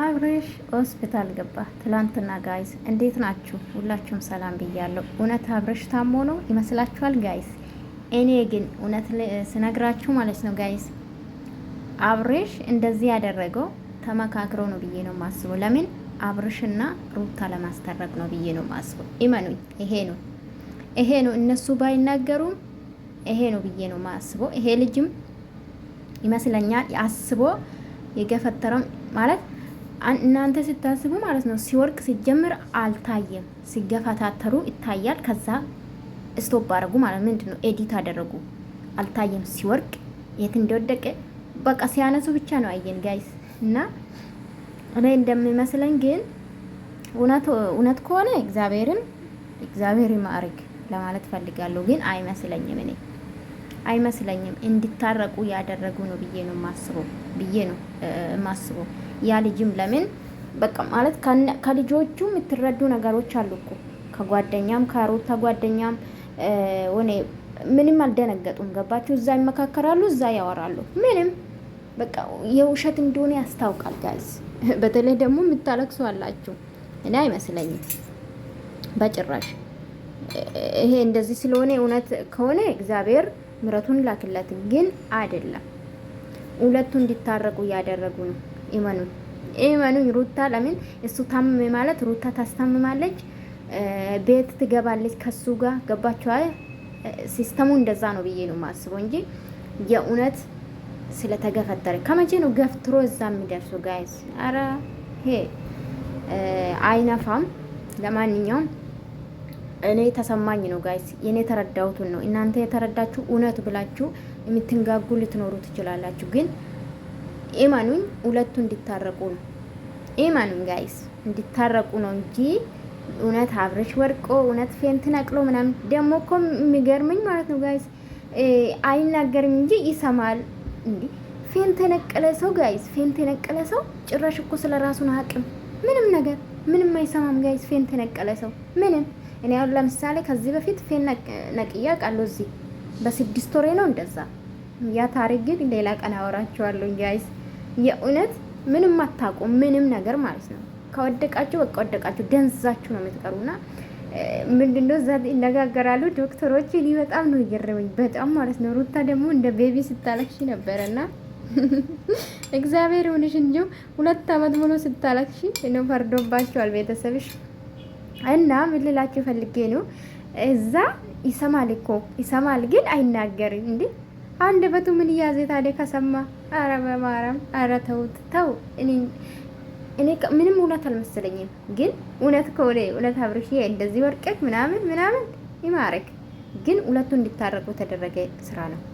አብርሽ ሆስፒታል ገባ ትላንትና። ጋይስ እንዴት ናችሁ? ሁላችሁም ሰላም ብያለሁ። እውነት አብርሽ ታሞ ነው ይመስላችኋል ጋይስ? እኔ ግን እውነት ስነግራችሁ ማለት ነው ጋይስ፣ አብሬሽ እንደዚህ ያደረገው ተመካክሮ ነው ብዬ ነው ማስበው። ለምን አብርሽና ሩታ ለማስታረቅ ነው ብዬ ነው ማስበው። ይመኑኝ፣ ይሄ ነው ይሄ ነው እነሱ ባይናገሩም ይሄ ነው ብዬ ነው ማስበው። ይሄ ልጅም ይመስለኛል አስቦ የገፈተረው ማለት እናንተ ስታስቡ ማለት ነው። ሲወርቅ ሲጀምር አልታየም፣ ሲገፈታተሩ ይታያል። ከዛ ስቶፕ አደረጉ ማለት ምንድን ነው ኤዲት አደረጉ። አልታየም ሲወርቅ የት እንደወደቀ በቃ ሲያነሱ ብቻ ነው አየን ጋይስ። እና እኔ እንደሚመስለን ግን እውነት ከሆነ እግዚአብሔርን እግዚአብሔር ማዕረግ ለማለት ፈልጋለሁ፣ ግን አይመስለኝም እኔ አይመስለኝም እንዲታረቁ ያደረጉ ነው ብዬ ነው ማስበው ብዬ ነው ማስበው። ያ ልጅም ለምን በቃ ማለት ከልጆቹ የምትረዱ ነገሮች አሉ እኮ ከጓደኛም ከሩታ ጓደኛም ሆነ ምንም አልደነገጡም። ገባችሁ? እዛ ይመካከራሉ፣ እዛ ያወራሉ። ምንም በቃ የውሸት እንደሆነ ያስታውቃል። ጋዝ በተለይ ደግሞ የምታለቅሱ አላችሁ። እኔ አይመስለኝም በጭራሽ። ይሄ እንደዚህ ስለሆነ እውነት ከሆነ እግዚአብሔር ምረቱን ላክላት። ግን አይደለም ሁለቱ እንዲታረቁ እያደረጉ ነው። እመኑኝ፣ እመኑኝ። ሩታ ለምን እሱ ታመመ ማለት ሩታ ታስታምማለች፣ ቤት ትገባለች ከሱ ጋር ገባችኋ? ሲስተሙ እንደዛ ነው ብዬ ነው ማስበው እንጂ የእውነት ስለተገፈተረ ከመቼ ነው ገፍትሮ እዛ የሚደርሱ ጋይስ? አረ ሄ አይነፋም። ለማንኛውም እኔ ተሰማኝ ነው ጋይስ፣ የኔ የተረዳሁትን ነው። እናንተ የተረዳችሁ እውነት ብላችሁ የምትንጋጉ ልትኖሩ ትችላላችሁ፣ ግን ኢማኑኝ ሁለቱ እንዲታረቁ ነው። ኢማኑኝ ጋይስ እንዲታረቁ ነው እንጂ እውነት አብረሽ ወርቆ እውነት ፌንት ነቅሎ ምናምን ደግሞ እኮ የሚገርምኝ ማለት ነው ጋይስ አይናገርም እንጂ ይሰማል። እንዲ ፌንት የነቀለ ሰው ጋይስ ፌንት የነቀለ ሰው ጭራሽ እኮ ስለ ራሱን አቅም ምንም ነገር ምንም አይሰማም ጋይስ ፌንት የነቀለ ሰው ምንም እኔ አሁን ለምሳሌ ከዚህ በፊት ፌን ነቅያ ቃለሁ እዚህ በስድስት ወሬ ነው እንደዛ። ያ ታሪክ ግን ሌላ ቀን አወራችኋለሁ ጋይስ። የእውነት ምንም አታውቁ ምንም ነገር ማለት ነው። ከወደቃችሁ በቃ ወደቃችሁ፣ ደንዛችሁ ነው የምትቀሩና ምንድነው እዛ ይነጋገራሉ ዶክተሮች። እኔ በጣም ነው እየረበኝ በጣም ማለት ነው። ሩታ ደግሞ እንደ ቤቢ ስታለቅሽ ነበረና እግዚአብሔር ይሁንሽ እንጂ ሁለት አመት ሙሉ ስታለቅሽ ነው ፈርዶባቸዋል ቤተሰብሽ። እና ምን ልላችሁ ፈልጌ ነው እዛ ይሰማል እኮ ይሰማል፣ ግን አይናገርም። እንዴ አንድ በቱ ምን እያዘ ታዲያ ከሰማ? አረ በማርያም አረ ተውት፣ ተው። እኔ ምንም እውነት አልመሰለኝም፣ ግን እውነት ከሆነ እውነት አብርሽ እንደዚህ ወርቀት ምናምን ምናምን ይማረክ። ግን ሁለቱ እንዲታረቁ የተደረገ ስራ ነው።